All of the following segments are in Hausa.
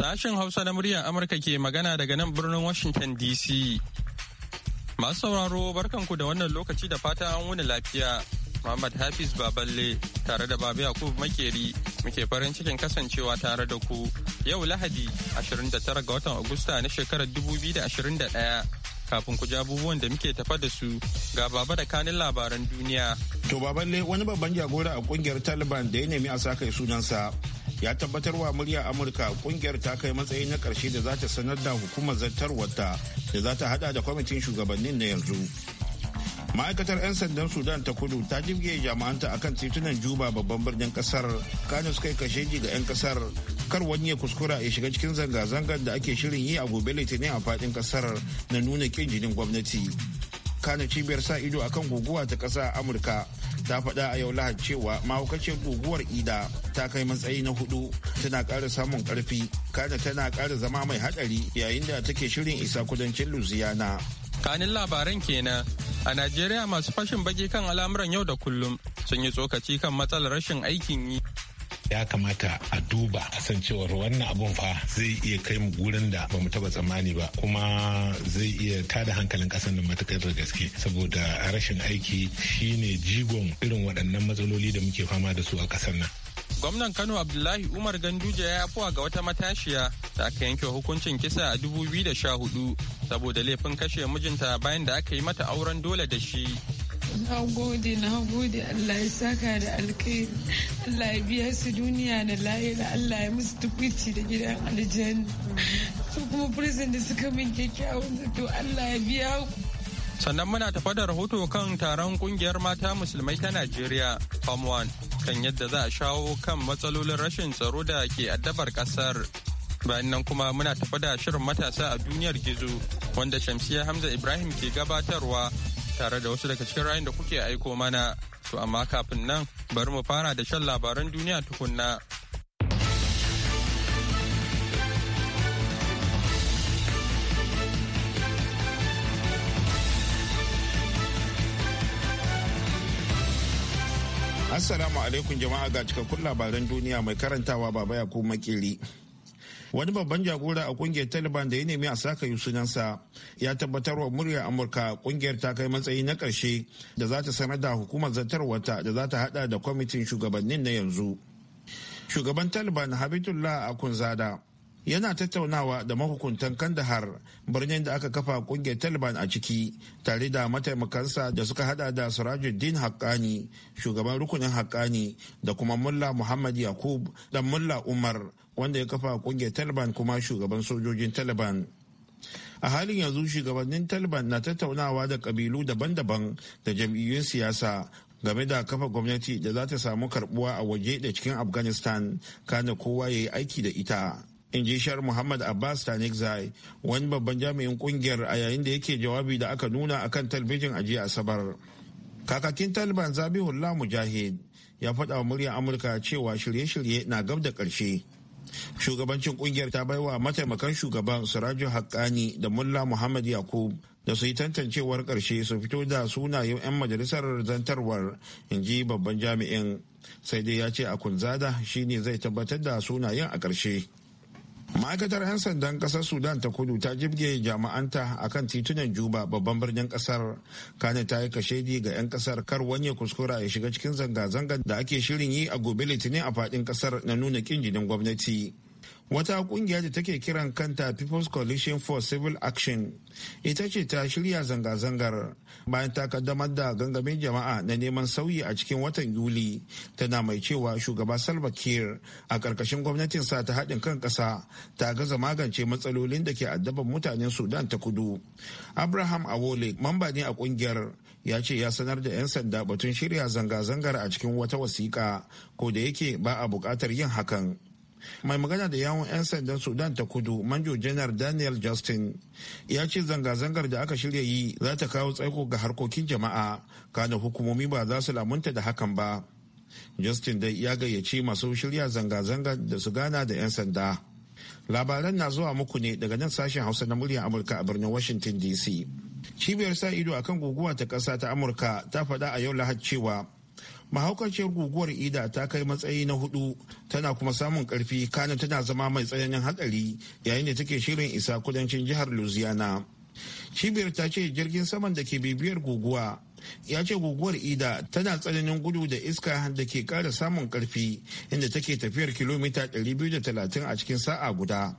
Sashen Hausa na muryar Amurka ke magana daga nan birnin Washington DC. Masu sauraro barkanku da wannan lokaci da fata an wuni lafiya. Muhammad Hafiz Baballe tare da Baba Yakubu Makeri muke farin cikin kasancewa tare da ku yau Lahadi 29 ga watan Agusta na shekarar 2021 kafin ku ji abubuwan da muke tafa da su ga Baba da kanin labaran duniya. To Baballe wani babban jagora a kungiyar Taliban da ya nemi a sa kai sunansa ya tabbatar wa murya amurka kungiyar ta kai matsayi na karshe da za ta sanar da hukumar zartarwarta da za ta hada da kwamitin shugabannin na yanzu ma'aikatar 'yan sandan sudan ta kudu ta jibge jama'anta akan titunan juba babban birnin kasar kano suka kashe ji ga 'yan kasar kar wani ya kuskura ya shiga cikin zanga-zangar da ake shirin yi a gobe litinin a fadin kasar na nuna kin jinin gwamnati kana cibiyar sa ido akan guguwa ta kasa amurka ta faɗa a yau lahad cewa mahaukacin guguwar ida ta kai matsayi na hudu tana ƙara samun ƙarfi kada tana ƙara zama mai haɗari yayin da take shirin isa kudancin louisiana kanin labaran kenan a najeriya masu fashin baki kan al'amuran yau da kullum sun yi tsokaci kan matsalar rashin aikin yi ya kamata a duba a san cewar wannan abun fa zai iya kai mu gurin da bamu taba tsammani ba kuma zai iya tada hankalin kasan da matukar da gaske saboda rashin aiki shine jigon irin waɗannan matsaloli da muke fama da su a kasar nan gwamnan kano abdullahi umar ganduje ya afuwa ga wata matashiya da aka yanke hukuncin kisa a dubu biyu da hudu saboda laifin kashe mijinta bayan da aka yi mata auren dole da shi Na gode, na gode, Allah ya saka da alkhairi. Allah ya biya su duniya da lahira, Allah ya musu tukwici da gidan aljanna. Su kuma prison da suka min kyakkyawan zato, Allah ya biya ku. Sannan muna tafa da rahoto kan taron kungiyar mata musulmai ta Najeriya, One, kan yadda za a shawo kan matsalolin rashin tsaro da ke addabar kasar. bayan nan kuma muna tafa da shirin matasa a duniyar gizo wanda Shamsiyya hamza ibrahim ke gabatarwa tare da wasu daga cikin rayun da kuke aiko mana. To amma kafin nan bari mu fara da shan labaran duniya tukunna. Assalamu alaikum jama'a ga cikakkun labaran duniya mai karantawa baba ya makeri. wani babban jagora a kungiyar taliban da ya nemi a saka yi sunansa ya tabbatar wa murya amurka kungiyar ta kai matsayi na karshe da za ta sanar da hukumar wata da za ta hada da kwamitin shugabannin na yanzu shugaban taliban habitullah akunzada yana tattaunawa da mahukuntan kandahar birnin da aka kafa kungiyar taliban a ciki tare da mataimakansa da suka hada da sirajuddin haƙƙani shugaban rukunin haƙƙani da kuma mulla muhammad yakub da mulla umar wanda ya kafa kungiyar taliban kuma shugaban sojojin taliban a halin yanzu shugabannin taliban na tattaunawa da kabilu daban-daban da jam'iyyun siyasa game da kafa gwamnati da za ta samu karbuwa a waje da cikin afghanistan kana kowa ya yi aiki da ita in ji shar muhammad abbas tanixai wani babban jami'in kungiyar a yayin da yake jawabi da aka nuna akan talbijin a jiya asabar kakakin taliban zabihullah mujahid ya faɗa wa muryar amurka cewa shirye-shirye na gab da ƙarshe shugabancin kungiyar ta bai wa mataimakan shugaban siraju hakani da mulla muhammad yakub da su yi tantancewar ƙarshe su fito da sunayen 'yan majalisar zantarwar in ji babban jami'in sai dai ya ce a kunzada shine zai tabbatar da sunayen a ƙarshe ma'aikatar 'yan sandan kasar sudan ta kudu ta jibge jama'anta a kan titunan juba babban birnin kasar kane ta yi kashedi ga 'yan kasar kar wanye kuskura ya shiga cikin zanga-zangar da ake shirin yi a gobe litinin a fadin kasar na nuna kin jinin gwamnati wata kungiya da take kiran kanta people's coalition for civil action ita ce ta shirya zanga-zangar bayan ta kaddamar da gangamin jama'a na neman sauyi a cikin watan yuli tana mai cewa shugaba salva kiir a ƙarƙashin sa ta haɗin kan ƙasa ta gaza magance matsalolin da ke addaban mutanen sudan ta kudu abraham awole mamba ne a kungiyar ya ce ya sanar da 'yan sanda batun shirya zanga-zangar a cikin wata wasiƙa ko da yake ba a buƙatar yin hakan mai magana da yawun 'yan sandan sudan ta kudu manjo janar daniel justin ya ce zanga-zangar da aka shirya yi za ta kawo tsaiko ga harkokin jama'a kada hukumomi ba za su lamunta da hakan ba justin dai ya gayyace masu shirya zanga-zangar da su gana da 'yan sanda labaran na zuwa muku ne daga nan sashen hausa na muryar amurka a birnin washington dc cibiyar sa ido akan guguwa ta ƙasa ta amurka ta faɗa a yau lahad cewa mahaukaciyar guguwar ida ta kai matsayi na hudu tana kuma samun karfi kana tana zama mai tsananin hatsari yayin da take shirin isa kudancin jihar louisiana cibiyar ta ce jirgin saman da ke bibiyar guguwa ya ce guguwar ida tana tsananin gudu da iska da ke kara samun karfi inda take tafiyar kilomita 230 a cikin sa'a guda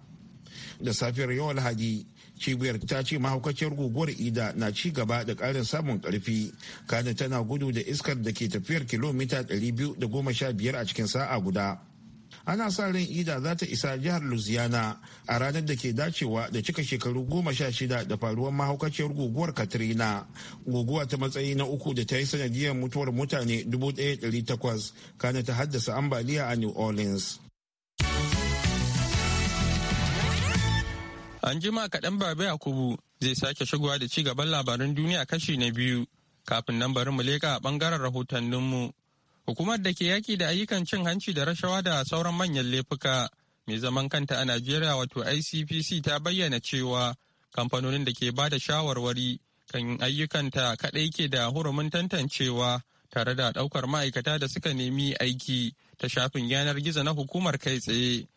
da safiyar yau alhaji cibiyar ta ce mahaukaciyar guguwar ida na ci gaba da karin samun karfi kana tana gudu da iskar da ke tafiyar kilomita 215 a cikin sa'a guda ana sa ran ida za ta isa jihar louisiana a ranar da ke dacewa da cika shekaru goma sha shida da faruwar mahaukaciyar guguwar katrina guguwa ta matsayi na uku da ta yi sanadiyar mutuwar mutane 1800 kana ta haddasa ambaliya a new orleans An ma kaɗan a kubu zai sake shigowa da ci gaban labaran duniya kashi na biyu kafin nan bari mu leƙa a ɓangaren rahotanninmu. Hukumar da ke yaƙi da ayyukan cin hanci da rashawa da sauran manyan laifuka mai zaman kanta a Najeriya wato ICPC ta bayyana cewa kamfanonin da ke ba da shawarwari kan ayyukanta kaɗai ke da hurumin tantancewa tare da ɗaukar ma'aikata da suka nemi aiki ta shafin yanar gizo na hukumar kai tsaye.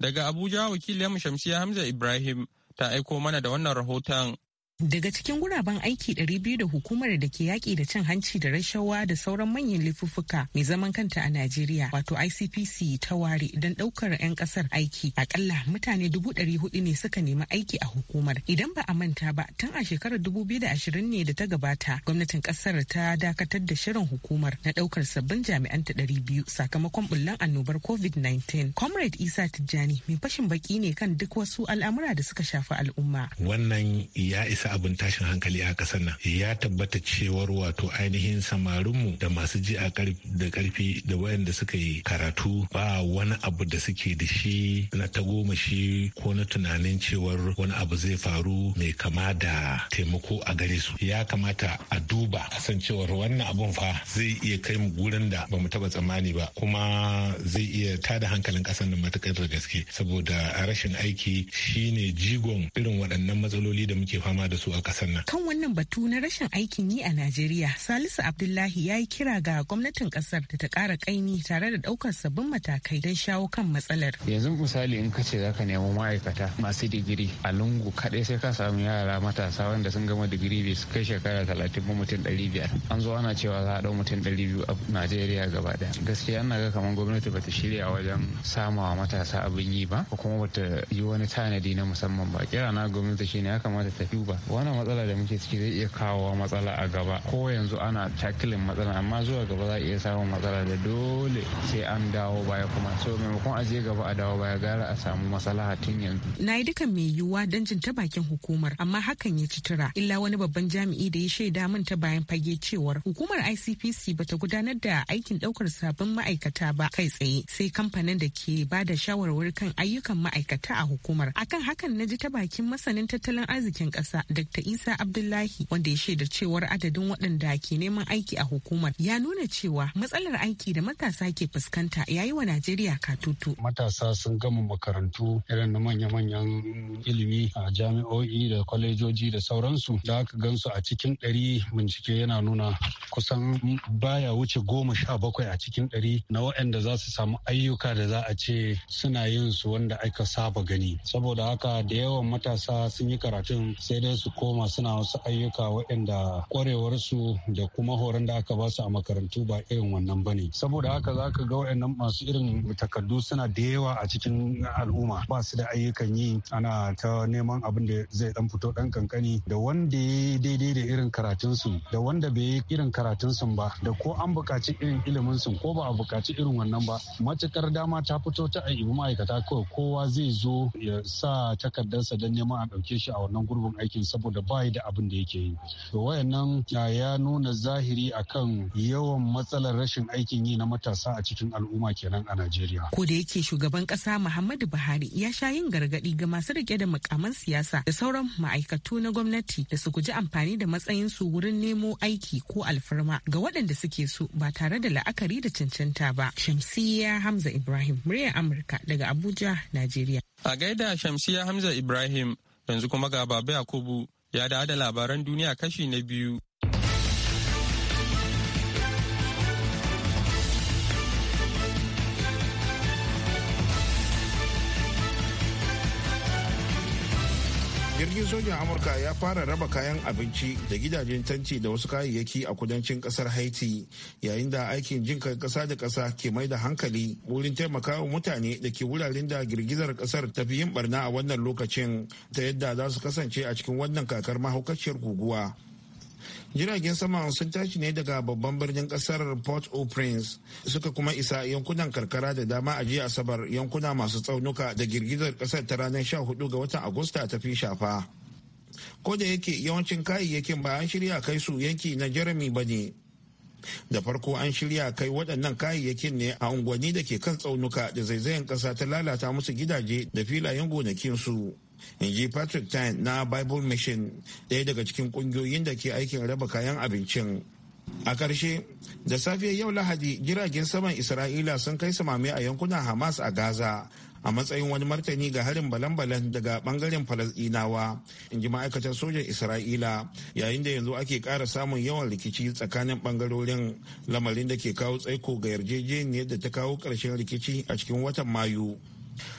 Daga Abuja wakilin Shamsiya Hamza Ibrahim ta aiko mana da wannan rahoton. Daga cikin guraben aiki 200 da hukumar da ke yaƙi da cin hanci da rashawa da sauran manyan lifuffuka mai zaman kanta a Najeriya wato ICPC ta ware don ɗaukar 'yan ƙasar aiki akalla mutane 400 ne suka nemi aiki a hukumar. Idan ba a manta ba tun a shekarar 2020 ne da ta gabata gwamnatin ƙasar ta dakatar da shirin hukumar na ɗaukar sabbin jami'an ta 200 sakamakon bullan annobar COVID-19. Comrade Isa Tijjani mai fashin baki ne kan duk wasu al'amura da suka shafi al'umma. Wannan ya isa abin tashin hankali a kasar nan ya tabbata cewar wato ainihin samarinmu da masu ji a da karfi da wayanda suka yi karatu ba wani abu da suke da shi na tagomashi ko na tunanin cewar wani abu zai faru mai kama da taimako a gare su ya kamata a duba san cewar wannan abun fa zai iya kai mu gurin da bamu taba tsammani ba kuma zai iya tada hankalin kasan nan matakar da gaske saboda rashin aiki shine jigon irin waɗannan matsaloli da muke fama da su a ƙasar nan. Kan wannan batu na rashin aikin yi a Najeriya, Salisu Abdullahi ya yi kira ga gwamnatin ƙasar da ta ƙara kaini tare da ɗaukar sabbin matakai don shawo kan matsalar. Yanzu misali in ka ce za ka nemi ma'aikata masu digiri a lungu kaɗai sai ka samu yara matasa wanda sun gama digiri bai su kai shekara talatin ba mutum ɗari biyar. An zo ana cewa za a ɗau mutum ɗari biyu a Najeriya gaba ɗaya. Gaskiya ana ga kamar gwamnati bata shirya wajen samawa matasa abin yi ba ko kuma bata yi wani tanadi na musamman ba. Kira na gwamnati shine ya kamata ta duba wannan matsala da muke ciki zai iya kawo matsala a gaba ko yanzu ana takilin matsala amma zuwa gaba za a iya samun matsala da dole sai an dawo baya kuma so maimakon a je gaba a dawo baya gara a samu matsala a tun yanzu na yi dukan mai yiwuwa don jin ta bakin hukumar amma hakan ya ci tura illa wani babban jami'i da ya shaida min ta bayan fage cewar hukumar ICPC bata gudanar da aikin ɗaukar sabbin ma'aikata ba kai tsaye sai kamfanin da ke ba da shawarwari kan ayyukan ma'aikata a hukumar akan hakan na ji ta bakin masanin tattalin arzikin ƙasa Dr. Isa Abdullahi wanda ya shaida cewar adadin waɗanda ke neman aiki a hukumar ya nuna cewa matsalar aiki da matasa ke fuskanta ya yi wa Najeriya katutu. Matasa sun gama makarantu irin na manya-manyan ilimi a jami'o'i da kwalejoji da sauransu da aka gansu a cikin ɗari bincike yana nuna kusan baya wuce goma sha bakwai a cikin ɗari na waɗanda za su samu ayyuka da za a ce suna yin su wanda aka saba gani. Saboda haka da yawan matasa sun yi karatun sai dai su koma suna wasu ayyuka waɗanda ƙwarewarsu da kuma horon da aka ba su a makarantu ba irin wannan ba ne saboda haka za ka ga waɗannan masu irin takardu suna da yawa a cikin al'umma ba su da ayyukan yi ana ta neman abin da zai dan fito dan kankani da wanda ya daidai da irin karatunsu da wanda bai yi irin karatunsu ba da ko an buƙaci irin iliminsu ko ba a buƙaci irin wannan ba matukar dama ta fito ta aibu ma'aikata kawai kowa zai zo ya sa takardarsa don neman a ɗauke shi a wannan gurbin aikin saboda bayi da abin da yake yi to wayannan ya nuna zahiri akan yawan matsalar rashin aikin yi na matasa a cikin al'umma kenan a Najeriya ko da yake shugaban kasa Muhammadu Buhari ya sha yin gargadi ga masu rike da mukaman siyasa da sauran ma'aikatu na gwamnati da su guji amfani da matsayin su wurin nemo aiki ko alfarma ga waɗanda suke so ba tare da la'akari da cancanta ba Shamsiyya Hamza Ibrahim muryar Amurka daga Abuja Najeriya a gaida Shamsiyya Hamza Ibrahim Yanzu kuma ga Baba Yakubu ya da da labaran duniya kashi na biyu. jirgin sojan amurka ya fara raba kayan abinci da gidajen tanti da wasu kayayyaki a kudancin kasar haiti yayin da aikin jin kasa da kasa ke mai da hankali wurin wa mutane da ke wuraren da girgizar kasar ta fi yin barna a wannan lokacin ta yadda za su kasance a cikin wannan kakar mahaukaciyar guguwa jiragen sama sun tashi ne daga babban birnin kasar port au prince suka kuma isa yankunan karkara da dama a jiya asabar yankuna masu tsaunuka da girgizar kasar ta ranar 14 ga watan agusta ta fi shafa ko da yake yawancin kayayyakin ba an shirya kai su yanki na jeremy ba ne da farko an shirya kai waɗannan kayayyakin ne a unguwanni da ke kan tsaunuka da zaizayen ƙasa ta lalata musu gidaje da filayen gonakinsu in ji patrick tyne na bible mission ɗaya daga cikin ƙungiyoyin da ke aikin raba kayan abincin a ƙarshe da safiyar yau lahadi jiragen saman isra'ila sun kai samame a yankunan hamas a gaza a matsayin wani martani ga harin balan-balan daga bangaren falasdinawa in ji ma'aikatar sojan isra'ila yayin da yanzu ake ƙara samun yawan rikici tsakanin bangarorin lamarin da ke kawo tsaiko ga yarjejeniyar da ta kawo ƙarshen rikici a cikin watan mayu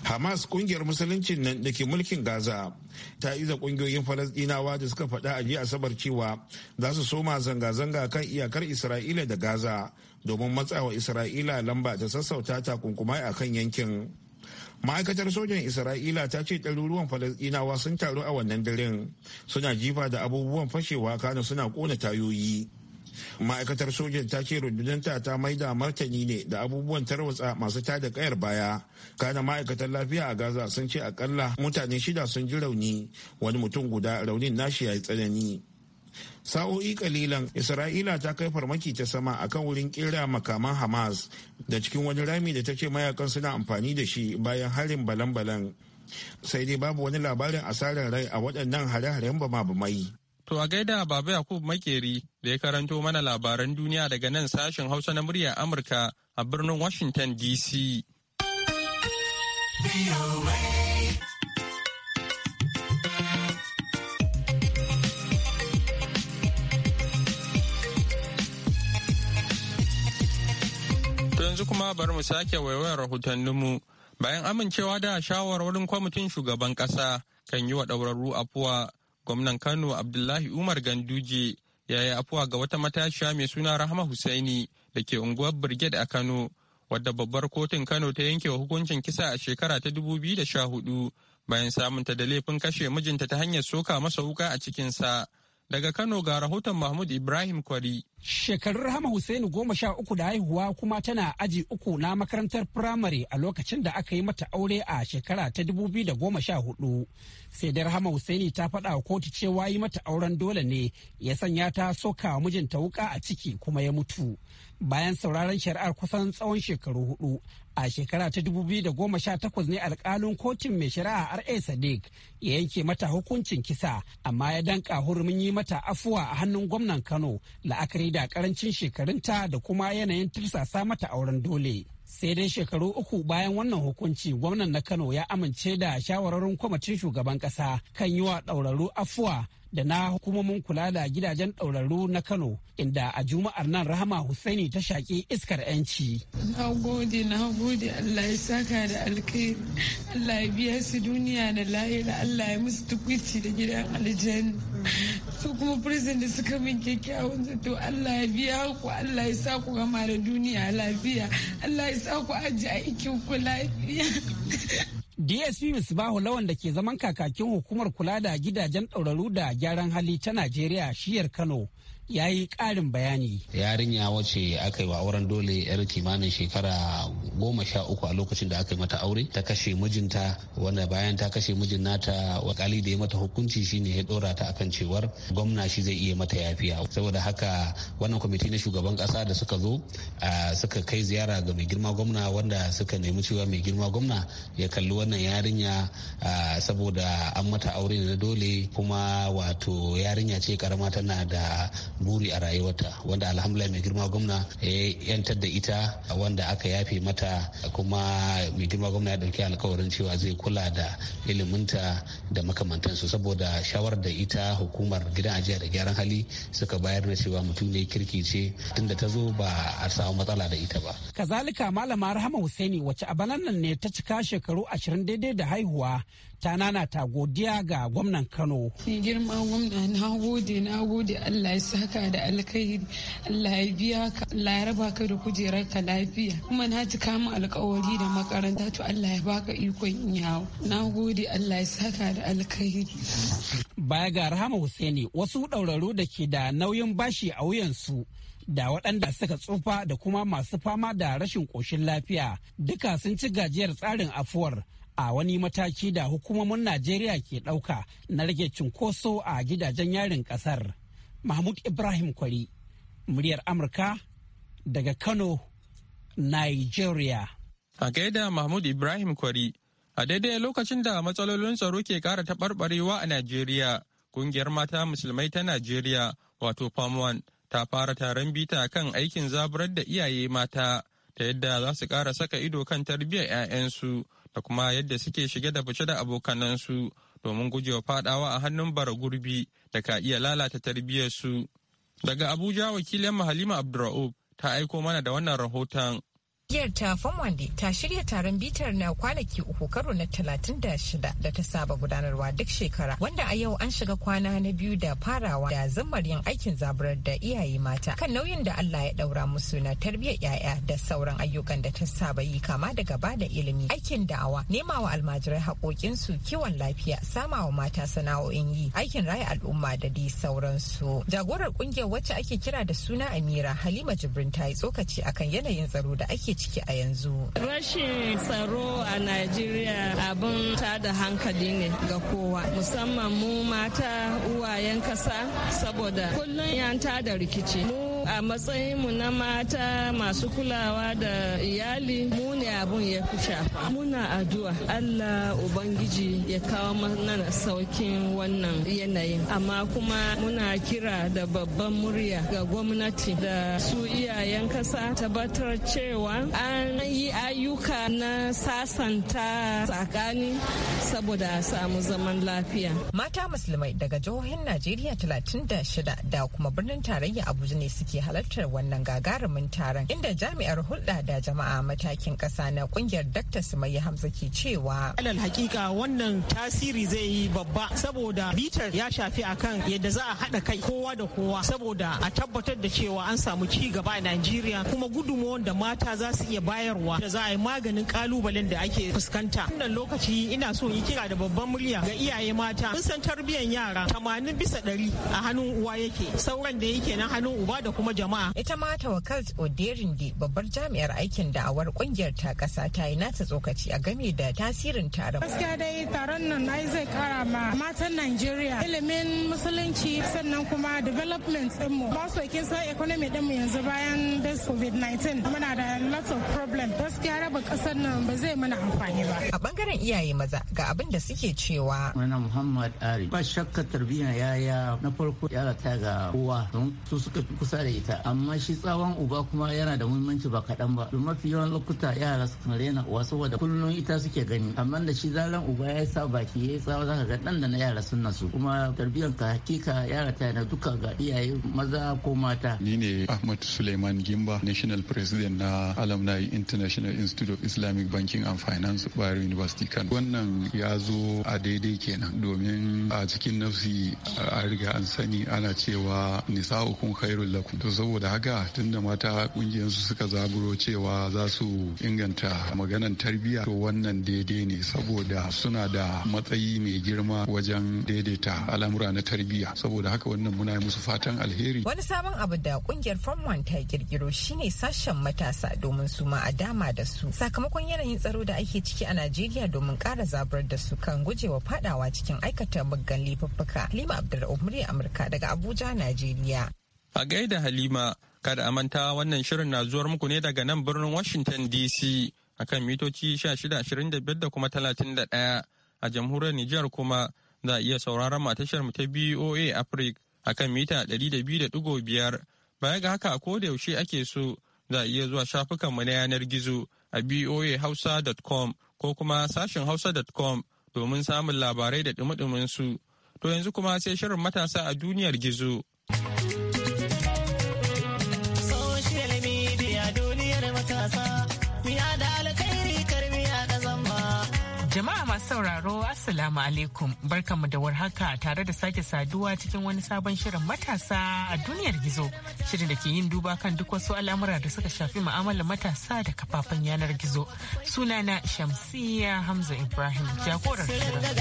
Hamas kungiyar musuluncin nan da ke mulkin Gaza ta iza kungiyoyin Falasdinawa da suka faɗa a jiya Asabar cewa za su soma zanga-zanga kan iyakar Isra'ila da Gaza domin matsawa Isra'ila lamba ta sassauta takunkumai a kan yankin. Ma'aikatar sojan Isra'ila ta ce ɗaruruwan Falasɗinawa sun taru a wannan daren suna jifa da abubuwan fashewa kana suna ƙona tayoyi. ma'aikatar sojin ta ce rundunanta ta maida martani ne da abubuwan tarwatsa masu tada kayar baya kana ma'aikatar lafiya a gaza sun ce akalla mutane shida sun ji rauni wani mutum guda raunin nashi ya yi tsanani sa'o'i kalilan isra'ila ta kai farmaki ta sama akan wurin kera makaman hamas da cikin wani rami da ta ce mayakan suna amfani da shi bayan harin balan-balan sai dai babu wani labarin asarar rai a waɗannan hare-haren bama-bamai To a gaida Baba Yakub Makeri da ya karanto mana labaran duniya daga nan sashen Hausa na murya Amurka a birnin Washington DC. yanzu kuma bari mu sake waiwayar rahotanninmu bayan amincewa da shawarwarin kwamitin shugaban kasa kan yi wa ɗaurarru afuwa gwamnan kano abdullahi umar ganduje ya yi afuwa ga wata matashiya mai suna rahama husaini da ke unguwar brigade a kano wadda babbar kotun kano ta yanke wa hukuncin kisa a shekara ta 2014 bayan samunta da laifin kashe mijinta ta hanyar soka masa wuka a cikinsa daga kano ga rahoton mahmud ibrahim kwari shekaru Rahama Hussaini goma sha uku da haihuwa kuma tana aji uku na makarantar firamare a lokacin da aka yi mata aure a shekara ta dubu biyu da goma sha hudu. Sai da Rahama Hussaini ta faɗa wa kotu cewa yi mata auren dole ne ya sanya ta soka mijinta wuka a ciki kuma ya mutu. Bayan sauraron shari'ar kusan tsawon shekaru hudu a shekara ta dubu biyu da goma sha takwas ne alkalin kotun mai shari'a R.A. Sadiq ya yanke mata hukuncin kisa amma ya danka hurumin yi mata afuwa a hannun gwamnan Kano la'akari da karancin shekarunta da kuma yanayin tirsasa mata auren dole sai dai shekaru uku bayan wannan hukunci gwamnan na kano ya amince da shawararin kwamitin shugaban kasa kan yi wa ɗauraru afuwa da na hukumomin kula da gidajen ɗauraru na Kano inda a Juma'ar nan Rahama Hussaini ta shaƙi iskar 'yanci. Na gode, na gode Allah ya saka da alkhairi, Allah ya biya su duniya da lahira, Allah ya musu tukwici da gidan aljanna. Su kuma prison da suka min kyakkyawan zato Allah ya biya ku, Allah ya sa ku gama da duniya lafiya, Allah ya sa ku aji aikin ku lafiya. dsp misbahu lawan da ke zaman kakakin hukumar kula da gidajen ɗauraru da gyaran hali ta najeriya shiyar kano ya yi ƙarin bayani. Yarinya wace aka yi wa auren dole yar kimanin shekara goma sha uku a lokacin da aka yi mata aure ta kashe mijinta wanda bayan ta kashe mijin nata wakali da ya mata hukunci shine ya dora ta akan cewar gwamna shi zai iya mata yafiya saboda haka wannan kwamiti na shugaban ƙasa da suka zo suka kai ziyara ga mai girma gwamna wanda suka nemi cewa mai girma gwamna ya kalli wannan yarinya saboda an mata aure na dole kuma wato yarinya ce karama tana da buri a rayuwarta wanda alhamdulillah mai girma gwamna ya yantar da ita wanda aka yafe mata kuma mai girma gwamna ya ɗauki alkawarin cewa zai kula da iliminta da makamantansu saboda shawar da ita hukumar gidan ajiya da gyaran hali suka bayar na cewa mutum ne kirki ce tunda ta zo ba a samu matsala da ita ba. Kazalika malama Rahama Hussaini wacce a nan ne ta cika shekaru ashirin daidai da haihuwa ta ta godiya ga gwamnan Kano. Mai girma gwamna na gode na gode Allah ya saka da alkhairi Allah ya biya ka Allah ya raba ka da kujerar ka lafiya kuma na ci kama alkawari da makaranta to Allah ya baka ikon yawo na gode Allah ya saka da alkhairi. Baya ga Rahama Hussaini wasu ɗauraro da ke da nauyin bashi a wuyansu da waɗanda suka tsufa da kuma masu fama da rashin ƙoshin lafiya duka sun ci gajiyar tsarin afuwar a wani mataki da hukumomin najeriya ke ɗauka na rage cunkoso a gidajen yarin ƙasar mahmud ibrahim kwari muryar amurka daga kano nigeria a gaida mahmud ibrahim kwari a daidai lokacin da matsalolin tsaro ke ƙara taɓarɓarewa a najeriya ƙungiyar mata musulmai ta najeriya wato one ta fara taron bita kan aikin zaburar da iyaye mata ta yadda za su ƙara saka ido kan tarbiyyar 'ya'yansu da kuma yadda suke shige da fice da abokanansu domin gujewa fadawa a hannun bara gurbi da ka iya lalata tarbiyyarsu. Daga Abuja wakilin Halima Abdurra'ub ta aiko mana da wannan rahoton. kungiyar ta Famwande ta shirya taron bitar na kwanaki uku karo na talatin da shida da ta saba gudanarwa duk shekara wanda a yau an shiga kwana na biyu da farawa da zammar yin aikin zaburar da iyaye mata kan nauyin da Allah ya ɗaura musu na tarbiyyar 'ya'ya da sauran ayyukan da ta saba yi kama daga ba da ilimi aikin da'awa nema wa almajirai su kiwon lafiya sama wa mata sana'o'in yi aikin raya al'umma da dai sauransu. Jagorar kungiyar wacce ake kira da suna Amira Halima Jibrin ta yi tsokaci akan yanayin tsaro da ake ciki a yanzu. Rashin tsaro a Najeriya abin tada hankali ne ga kowa musamman mu mata uwayen kasa saboda kullum yan da rikici. Mu a matsayinmu na mata masu kulawa da iyali mu ne abun ya fi shafa muna addu'a allah ubangiji ya kawo mana saukin wannan yanayin amma kuma muna kira da babban murya ga gwamnati da su iyayen kasa tabbatar cewa an yi ayyuka na sasanta tsakani saboda samu zaman lafiya mata musulmai daga jihohin najeriya 36 da kuma birnin tarayya abuja ne suke halartar wannan gagarumin taron inda jami'ar hulɗa da jama'a matakin ƙasa matasa na kungiyar Dr. Sumayya Hamza ke cewa. Alal hakika wannan tasiri zai yi babba saboda bitar ya shafi akan yadda za a haɗa kai kowa da kowa saboda a tabbatar da cewa an samu ci gaba a Najeriya kuma gudunmawar da mata za su iya bayarwa da za a yi maganin kalubalen da ake fuskanta. Wannan lokaci ina so in kira da babban murya ga iyaye mata. Mun san tarbiyyar yara tamanin bisa ɗari a hannun uwa yake sauran da yake na hannun uba da kuma jama'a. Ita ma Tawakalt Oderinde babbar jami'ar aikin da'awar kungiyar ta kasa ta yi nata tsokaci a game da tasirin taron. Gaskiya dai taron nan ai zai kara ma matan Najeriya ilimin musulunci sannan kuma development ɗinmu. Masokin sa economy mu yanzu bayan this COVID-19 muna da lots of problem. Gaskiya raba kasar nan ba zai mana amfani ba. A bangaren iyaye maza ga abin da suke cewa. muna Muhammad Ari ba shakka tarbiyyar yaya na farko yara ta ga kowa don su suka kusa da ita amma shi tsawon uba kuma yana da muhimmanci ba kaɗan ba. Mafi yawan lokuta ya. yara su uwa saboda kullum ita suke gani amma da shi zaran uba ya sa baki ya za zaka ga dan da na yara sun nasu kuma tarbiyyar ka hakika yara ta na duka ga iyaye maza ko mata ni ne Ahmad Suleiman Gimba National President na Alumni International Institute of Islamic Banking and Finance Bayero University Kano wannan ya zo a daidai kenan domin a cikin nafsi a riga an sani ana cewa nisa'ukum khairul lakum to saboda haka tunda mata kungiyar su suka zaburo cewa za su inga inganta maganan tarbiyya to wannan daidai ne saboda suna da matsayi mai girma wajen daidaita al'amura na tarbiyya saboda haka wannan muna musu fatan alheri wani sabon abu da kungiyar form ta kirkiro shine sashen matasa domin su ma a dama da su sakamakon yanayin tsaro da ake ciki a najeriya domin kara zabar da su kan gujewa fadawa cikin aikata muggan laifuffuka halima abdulrahman amurka daga abuja najeriya a gaida halima Kada a manta wannan shirin na zuwar muku ne daga nan birnin Washington DC a kan mitoci 1625 da kuma 31 a jamhuriyar Nijar kuma za a iya sauraron matashar mu ta BOA Africa a kan mita 200.5 baya ga haka a da yaushe ake so za a iya zuwa shafukanmu na yanar gizo a boahausa.com ko kuma sashen hausa.com domin samun labarai da dumi su. To yanzu kuma sai shirin matasa a duniyar gizo. Jama'a masu sauraro Assalamu alaikum barkanmu da warhaka tare da sake saduwa cikin wani sabon shirin matasa a duniyar gizo shirin da ke yin duba kan duk wasu al'amura da suka shafi ma'amalar matasa da kafafen yanar gizo sunana shamsiyya Hamza Ibrahim jagorar shirin.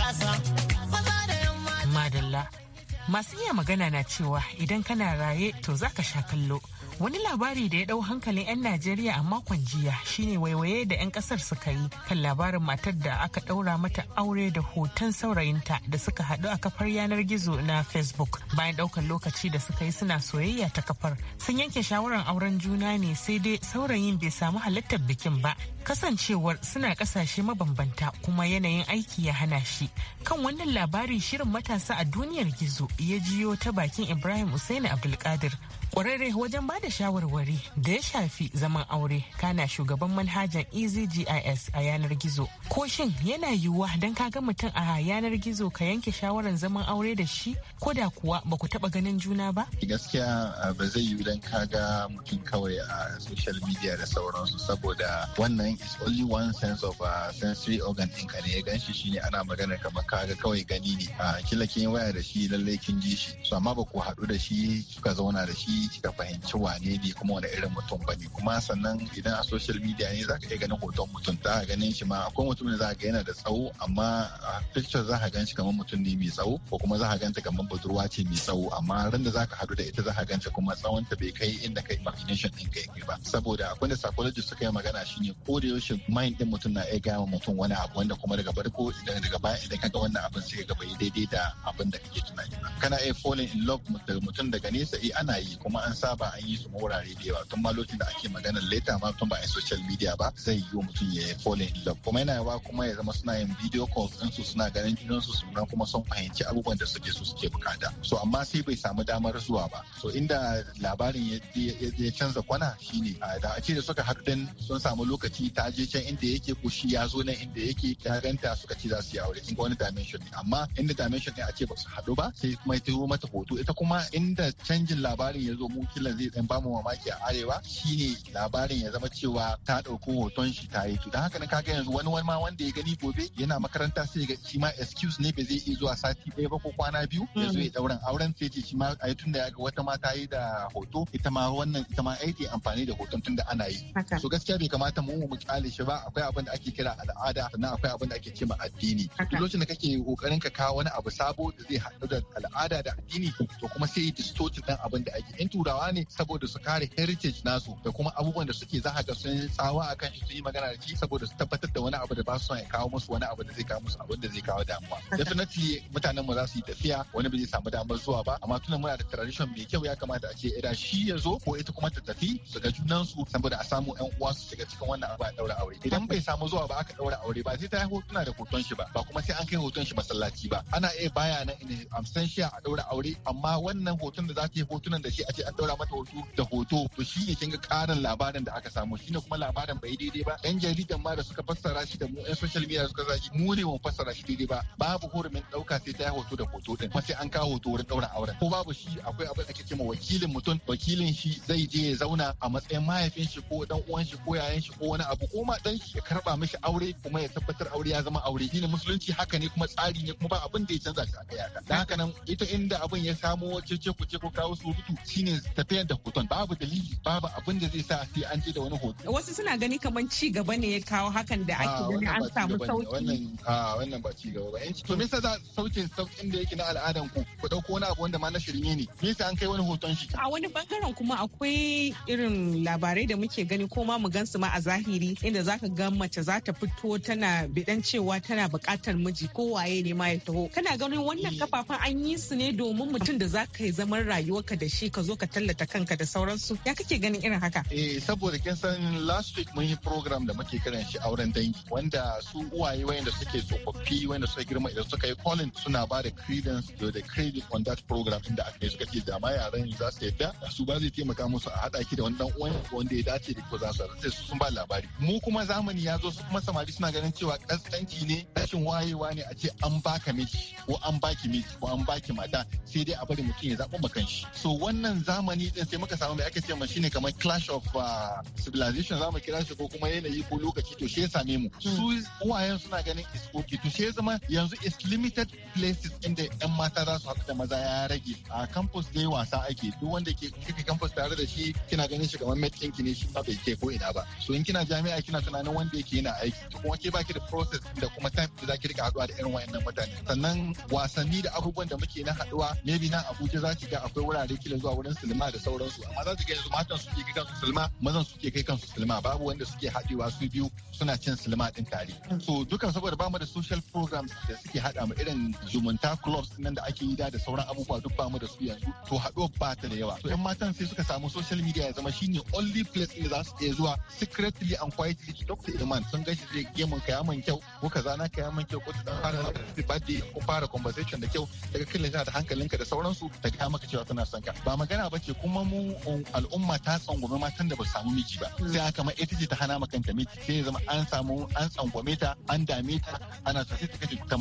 masu iya magana na cewa idan kana raye to zaka sha kallo wani labari da ya dau hankalin 'yan najeriya a makon jiya shine waiwaye da 'yan kasar suka yi kan labarin matar da aka daura mata aure da hoton saurayinta da suka haɗu a kafar yanar gizo na facebook bayan ɗaukar lokaci da suka yi suna soyayya ta kafar sun yanke shawarar auren juna ne sai dai saurayin bai samu halittar bikin ba kasancewar suna ƙasashe mabambanta kuma yanayin aiki ya hana shi kan wannan labari shirin matasa a duniyar gizo ya jiyo ta bakin Ibrahim Usaini Abdulkadir kwararre wajen bada shawarwari da ya shafi zaman aure kana shugaban manhajan ezgis a yanar gizo. Ko shin yana yiwuwa don ka kaga mutum a yanar gizo ka yanke shawarar zaman aure da shi ko da kuwa ba ku taɓa ganin juna ba? Gaskiya ba zai yiwu don kaga mutum kawai a social media da sauransu saboda wannan is only one sense of a sensory organ ɗinka ne ya ganshi shine ana magana kamar kaga kawai gani ne. Kila kin waya da shi lallai kin ji shi so amma ba ku haɗu da shi kika zauna da shi kika fahimci wane ne kuma wani irin mutum ba ne kuma sannan idan a social media ne za ka iya ganin hoton mutum za ka ganin shi ma akwai mutum ne za ka ga yana da tsawo amma a picture za ka gan shi kamar mutum ne mai tsawo ko kuma za ka ganta kamar budurwa ce mai tsawo amma ran da za ka haɗu da ita za ka ganta kuma tsawon ta bai kai inda kai imagination ɗin kai ba saboda akwai da psychologist suka yi magana shi ne ko da yaushe mind ɗin mutum na iya gaya mutum wani abu wanda kuma daga farko idan daga baya idan ka ga wannan abin sai ka ga bai daidai da abin da kake tunani ba kana iya falling in love da mutum daga nesa eh ana yi kuma an saba an yi su wurare da yawa tun ma lokacin da ake magana later ma tun ba a social media ba zai yi wa mutum ya yi falling in love kuma yana yawa kuma ya zama suna yin video calls din su suna ganin junan su suna kuma sun fahimci abubuwan da suke su suke bukata so amma sai bai samu damar zuwa ba so inda labarin ya canza kwana shine da a da suka haɗu sun samu lokaci ta je can inda yake ko shi ya zo nan inda yake ta ganta suka ce za su yi aure In ga wani dimension ne amma inda dimension ne a ce ba su haɗu ba sai kuma ya mata hoto ita kuma inda canjin labarin ya zo mu zai dan bamu mamaki a arewa shine labarin ya zama cewa ta ɗauko hoton shi ta yi to don haka na kaga yanzu wani wani ma wanda ya gani gobe yana makaranta sai ga shi ma excuse ne ba zai iya zuwa sati ɗaya ba ko kwana biyu ya zo ya mm. ɗauran auren sai ce shi ma a yi tunda ya ga wata mata yi da hoto ita ma wannan ita ma aiki amfani da hoton tunda ana yi so gaskiya bai kamata mu mu kyale shi ba akwai abin da ake kira al'ada sannan akwai abin da ake ce ma addini duk lokacin da kake kokarin ka kawo wani abu sabo da zai haɗu da al'ada al'ada da addini to kuma sai yi distortin ɗan abin da ake in turawa ne saboda su kare heritage nasu da kuma abubuwan da suke za ga sun tsawa akan shi sun yi magana da shi saboda su tabbatar da wani abu da ba su ya kawo musu wani abu da zai kawo musu abin da zai kawo damuwa definitely mutanen mu za su yi tafiya wani ba zai samu damar zuwa ba amma tunan muna da tradition mai kyau ya kamata a ce idan shi ya zo ko ita kuma ta tafi su ga junan su saboda a samu yan uwa su shiga cikin wannan abu a daura aure idan bai samu zuwa ba aka daura aure ba sai ta hotuna da hoton shi ba ba kuma sai an kai hoton shi masallaci ba ana iya baya in absentia tafiya a daura aure amma wannan hoton da za yi hotunan da shi a ce an daura mata hoto da hoto to shi ne kinga karin labarin da aka samu shine kuma labarin bai daidai ba yan jaridan ma da suka fassara shi da mu yan social media suka sa mu ne mun fassara shi daidai ba babu hurumin dauka sai ta yi hoto da hoto din kuma sai an kawo hoto wurin daura auren ko babu shi akwai abin da ake cewa wakilin mutum wakilin shi zai je ya zauna a matsayin mahaifin shi ko dan uwan shi ko yayan shi ko wani abu ko ma dan shi ya karba mishi aure kuma ya tabbatar aure ya zama aure shine musulunci haka ne kuma tsari ne kuma ba abin da ya canza shi a kai haka dan haka nan ita inda abin ya samo cece ku ce ko kawo surutu shine tafiyar da hoton babu dalili babu abin da zai sa sai an je da wani hoto wasu suna gani kamar ci gaba ne ya kawo hakan da ake ah, gani an samu sauki a ah, wannan ba ci gaba ba yan to me yasa za saukin saukin da yake na al'adan ku ku dauko wani abu wanda ma na shirme ne me yasa an kai wani hoton shi a wani bangaren kuma akwai irin labarai da muke gani ko ma mu gansu ma a zahiri inda zaka ga mace za ta fito tana bidan cewa tana bukatar miji ko waye ne ma ya taho kana ganin wannan eh. kafafen an yi yi su ne domin mutum da za ka yi zaman rayuwarka da shi ka zo ka tallata kanka da sauransu ya kake ganin irin haka eh saboda kin san last week mun yi program da muke kiran shi auren dangi wanda su uwaye wayanda suke tsofaffi wayanda suka girma idan suka yi calling suna ba da credence da credit on that program inda aka yi suka ce da ma yaran za su da su ba zai taimaka musu a haɗa ki da wani dan uwan wanda ya dace da ko za su sai sun ba labari mu kuma zamani ya zo su kuma samari suna ganin cewa kaskanci ne rashin wayewa ne a ce an baka miki ko an baki miki ko an baki ake mata sai dai a bari mutum ya zaɓa makan shi so wannan zamani din sai muka samu mai ake ce shine kamar clash of uh, civilization zamu kira shi ko kuma yanayi ko lokaci to shi ya same mu hmm. su uwayen suna ganin is okay to shi ya zama yanzu is limited places inda yan mata za su haɗu da maza ya rage a campus dai wasa ake duk wanda ke kika campus tare da shi kina ganin shi kamar mate ɗinki ne shi ba bai ke ko ina ba so in kina jami'a kina tunanin wanda yake yana aiki to kuma ke baki da process da kuma time da za ki rika haɗuwa da irin wa'annan mutane sannan wasanni da abubuwan da muke ake na haduwa maybe nan Abuja za ki ga akwai wurare kila zuwa wurin sulma da sauransu amma za ki ga yanzu matan suke kai kansu sulma mazan suke kai kansu sulma babu wanda suke haɗewa su biyu suna cin sulma din tare so dukan saboda bamu da social programs da suke haɗa mu irin zumunta clubs nan da ake yi da sauran abubuwa duk bamu da su yanzu to haɗuwa ba ta da yawa to yan matan sai suka samu social media ya zama shine only place ne za su iya zuwa secretly and quietly ki dokta Iman sun gashi zai gemun ka yaman kyau ko kaza na ka yaman kyau ko ta fara birthday ko fara conversation da kyau daga kila tana da hankalinka da sauransu ta ga maka cewa tana son ka ba magana ba ce kuma mu um, al'umma ta tsangwame matan da ba samu miji ba hmm. sai haka ma ita ce ta hana maka kanta miji sai ya zama an samu an tsangwame ta an dame ta ana so sai ta kace ta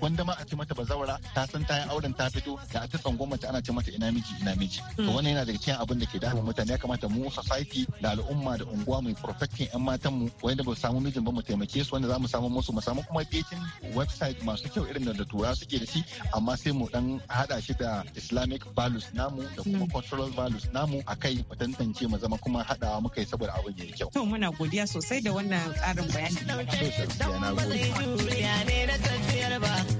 wanda ma a ce mata bazawara ta san ta yi auren ta fito da a ta tsangwame ta ana ce mata ina miji ina miji to hmm. wannan yana daga cikin abin da ke damun mutane ya kamata mu society da al'umma da unguwa mu protecting yan matan mu wanda ba samu mijin ba mu taimake su wanda za mu samu musu mu samu kuma dating website masu kyau irin da tura suke da shi amma sai mu dan hada shi da islamic values namu da kuma mm. cultural values namu a kai mu tantance mu zama kuma hadawa muka yi saboda abin ya yi kyau. To muna godiya sosai da wannan tsarin bayani.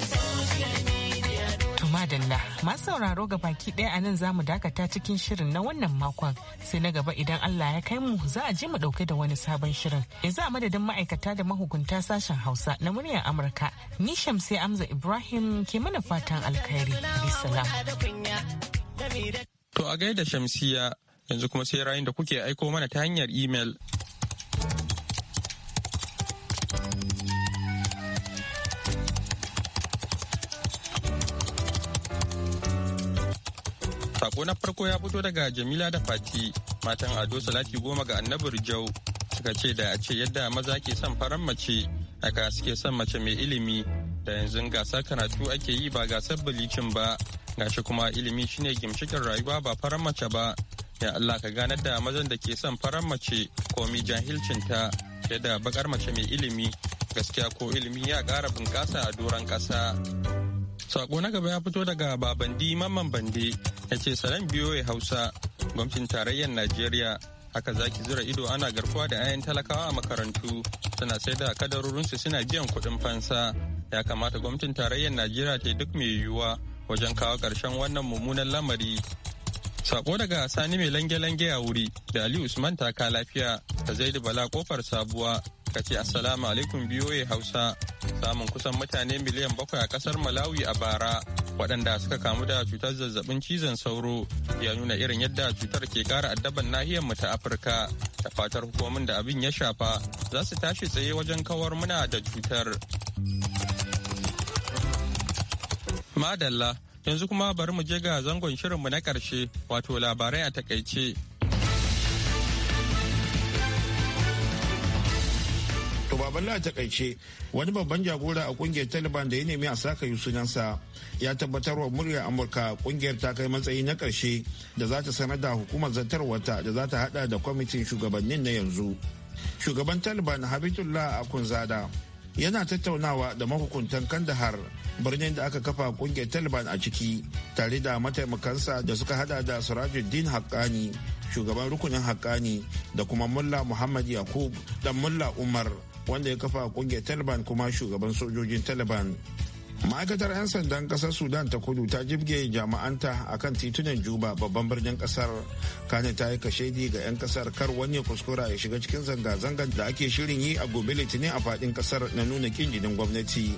madalla masu sauraro ga baki ɗaya a nan za mu dakata cikin shirin na wannan makon sai na gaba idan Allah ya kai mu za a je mu ɗauke da wani sabon shirin za a madadin ma'aikata da mahukunta sashen Hausa na muryar Amurka ni Shamsi Amza Ibrahim ke mana fatan alkhairi bisalam. To a gaida Shamsiya yanzu kuma sai rayun da kuke aiko mana ta hanyar imel. Sako na farko ya fito daga Jamila da Fati, matan Ado Salati goma ga annabi Rijau, suka ce da a ce yadda maza ke son faran mace, haka suke son mace mai ilimi, da yanzu gasar karatu ake yi ba gasar bilicin ba, gashi kuma ilimi shine gimshikin rayuwa ba faran mace ba. Ya Allah ka ganar da mazan da ke son faran mace komi jahilcinta, yadda bakar mace mai ilimi, gaskiya ko ilimi ya kara bunkasa a doron kasa. Sako na gaba ya fito daga Babandi Mamman Bande ya ce salam ya hausa gwamnatin tarayyar najeriya haka zaki zura ido ana garkuwa da 'ya'yan talakawa a makarantu suna sai da kadarorinsu suna biyan kuɗin fansa ya kamata gwamnatin tarayyar najeriya ta duk mai yiwuwa wajen kawo ƙarshen wannan mummunan lamari sako daga sani mai lange-lange a wuri da ali usman taka lafiya da zaidu bala kofar sabuwa ka ce assalamu alaikum biyoye hausa samun kusan mutane miliyan bakwai a kasar malawi a bara waɗanda suka kamu da cutar zazzabin cizon sauro ya nuna irin yadda cutar ke kara addaban nahiyar mu ta afirka ta fatar hukumomin da abin ya shafa za su tashi tsaye wajen kawar muna da cutar madalla yanzu kuma bari mu je ga zangon shirinmu na ƙarshe wato labarai a takaice To Baballa a takaice wani babban jagora a kungiyar Taliban da ya nemi a saka yi sunansa ya tabbatar wa murya Amurka kungiyar ta kai matsayi na karshe da za ta sanar da hukumar zantarwata da za ta hada da kwamitin shugabannin na yanzu. Shugaban Taliban Habibullah Akunzada yana tattaunawa da mahukuntan Kandahar birnin da aka kafa kungiyar Taliban a ciki tare da mataimakansa da suka hada da Sirajuddin Haqqani shugaban rukunin haƙƙani da kuma mulla muhammad yakub da mulla umar wanda ya kafa kungiyar taliban kuma shugaban sojojin taliban ma'aikatar 'yan sandan kasar sudan ta kudu ta jibge jama'anta a kan titunan juba babban birnin kasar kane ta yi kashedi ga 'yan kasar kar wani kuskura ya shiga cikin zanga-zangar da ake shirin yi a gobe litinin a fadin kasar na nuna kin jinin gwamnati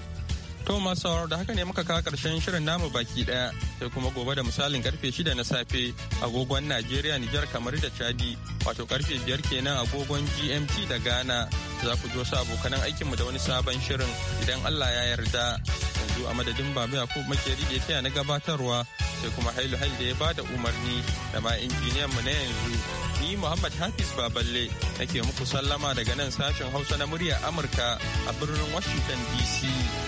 To masu sauraro da haka ne muka kawo karshen shirin namu baki daya sai kuma gobe da misalin karfe shida na safe agogon Najeriya Nijar kamar da Chadi wato karfe 5 kenan agogon GMT da Ghana za ku ji wasu abokanan aikinmu da wani sabon shirin idan Allah ya yarda yanzu a madadin Baba Yakubu Makeri da ya taya na gabatarwa sai kuma Hailu Hail da ya da umarni da ma injiniyan mu na yanzu ni Muhammad Hafiz Baballe nake muku sallama daga nan sashen Hausa na muryar Amurka a birnin Washington DC.